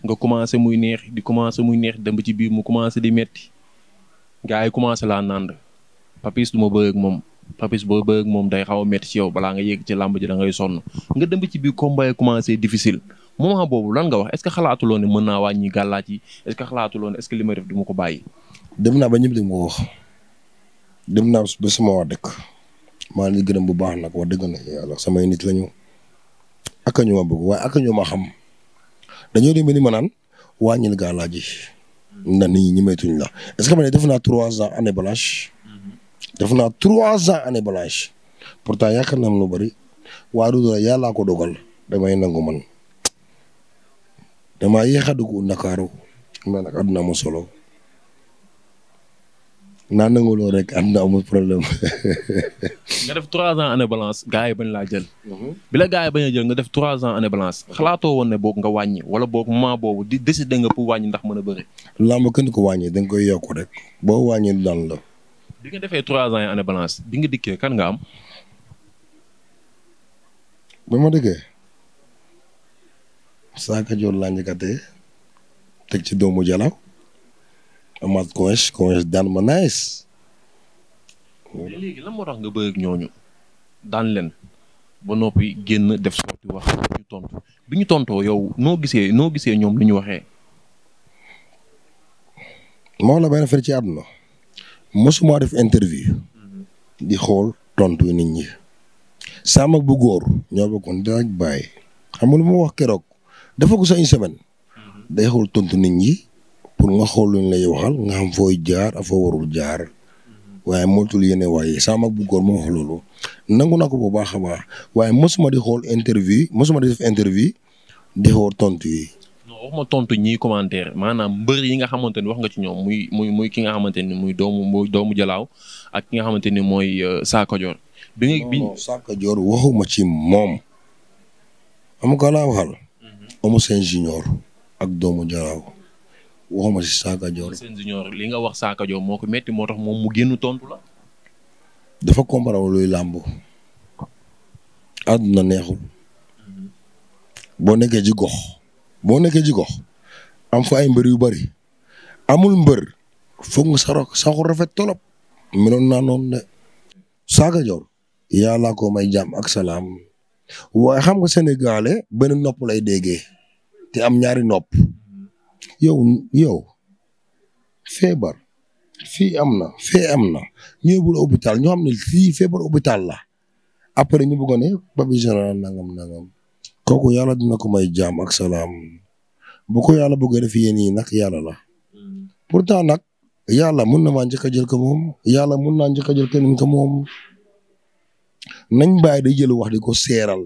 nga commencé muy neex di commencé muy neex dëmb ci biir mu commencé di metti gars yi commencé laa nànd papis du ma moom papis boo bëgg moom day xaw a metti ci yow balaa nga yegg ci làmb ji da ngay sonn nga dëmb ci biir combat yi commencé difficile moment boobu lan nga wax est-ce xalaatuloo ne mën naa wàññi gàllaaj yi est-ce que xalaatuloo ne est-ce ma ko bàyyi. dem naa ba ñëpp di ma ko wax dem naa ba sama waa dëkk maa ngi gërëm bu baax nag wax dëgg na yàlla samay nit lañu ak ñoo ma bëgg waaye ak ñoo ma xam. dañoo dem ba ni ma naan wàññil gaa laaj yi. na nit ñi ñemeetuñ la est ce que ma def naa trois ans année blanche. Mm-hmm. def naa trois ans année blanche. pourtant yaakaar naa lu bari waa Dodo yàllaa ko dogal damay nangu man damaa yéex a dugg Ndakaaru ma nag àdduna ma solo. naa nangu loolu rek ànd na amul problème. nga def trois ans année balance gars yi bañ laa jël. Mhm. bi la gars yi bañ a jël nga def trois ans année balance xalaatoo woon ne boog nga wàññi wala boog moment boobu di décider nga pour wàññi ndax mën a bëri. làmb kenn ko wàññi da nga koy yokku rek boo wàññi du daan la. bi nga defee trois ans année balance bi nga dikkee kan nga am. ba ma dikkee. saaka joor ka njëkkatee teg ci doomu Jalaw. Amath Coinche Coinche daan ma nice. léegi lan moo nga bëgg ñooñu daan leen ba noppi génn def sorti wax ñu tontu bi ñu tontoo yow noo gisee noo gisee ñoom lu ñu waxee. moo la benn affaire ci àdduna mosuma def interview. Mhm. di xool tontu nit ñi. sama bu góor ñoo bokkoon dara bàyyi xam nga lu ma wax keroog dafa ko sa une semaine. Mhm. day xool tontu nit ñi. pour nga xool luñ lay waxal nga xam fooy jaar a foo warul jaar waaye moytul yéene waaye sama mag bu góor moo wax loolu nangu naa ko bu baax a baax waaye mosuma di xool interview mosuma di def interview di xool tontu yi. non tontu ñii commentaire maanaam mbër yi nga xamante ni wax nga ci ñoom muy muy muy ki nga xamante ni muy doomu doomu Jalaaw ak ki nga xamante ni mooy euh, Sakho Dior. bi nga bi Sakho Dior waxuma ci moom. amu ko laa waxal. amu mm-hmm. seen junior ak doomu Jalaaw. waxuma si Saaka Joor. seen junior li nga wax Saaka Joor moo ko métti moo tax moom mu génn tontu la. dafa comprendre luy làmb. àdduna neexul. Mm-hmm. boo nekkee ci gox. boo nekkee ci gox. am fa ay mbër yu bari. amul mbër. foog nga sa saxul rafet tolop. meloon naa noonu de. Saaka Joor. yàlla ko may jàmm ak salaam. waaye xam nga sénégalais benn nopp lay déggee. te am ñaari nopp. yow yow feebar fii am na fee am na ñu yóbbu la hôpital ñu xam ne fii feebar la après ñu bëggoon ne Papis général nangam nangam kooku yàlla dina ko ma jaam ak salaam bu ko yàlla bëggee def yéen yi nag yàlla la pourtant nag yàlla mun na maa njëkk a jël ko moom yàlla mun naa njëkk a jël keneen ko moom nañ bàyyi di jël wax di ko seeral